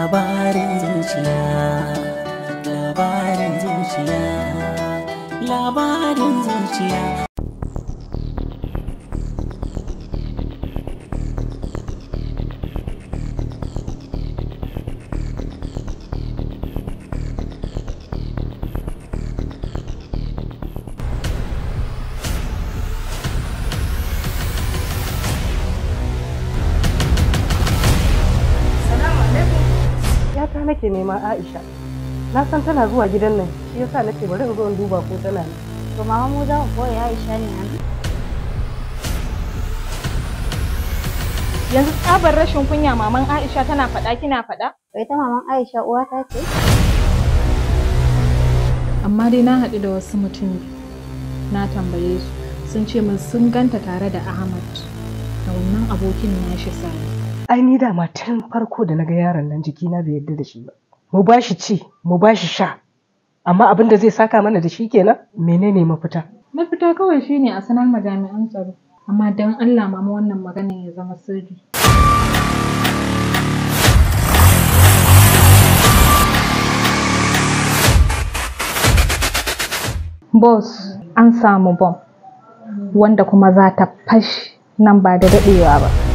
labarin zuciya labarin zuciya labarin zuciya ƙawata nake neman Aisha na san tana zuwa gidan nan shi yasa nake bari in zo in duba ko tana nan to mama mu za mu koya Aisha ne nan yanzu tsabar rashin kunya maman Aisha tana faɗa kina faɗa ta maman Aisha uwata ce amma dai na haɗu da wasu mutum na tambaye su sun ce min sun ganta tare da Ahmad da wannan abokin nashi sani ai ni dama tun farko da naga yaron nan jiki na bai yarda da shi ba mu ba ci mu ba sha amma abin da zai saka mana da shi kenan menene mafita mafita kawai shine a sanar ma tsaro amma dan Allah mama wannan maganin ya zama sirri Boss, an samu bom wanda kuma za ta fashi nan ba da daɗewa ba.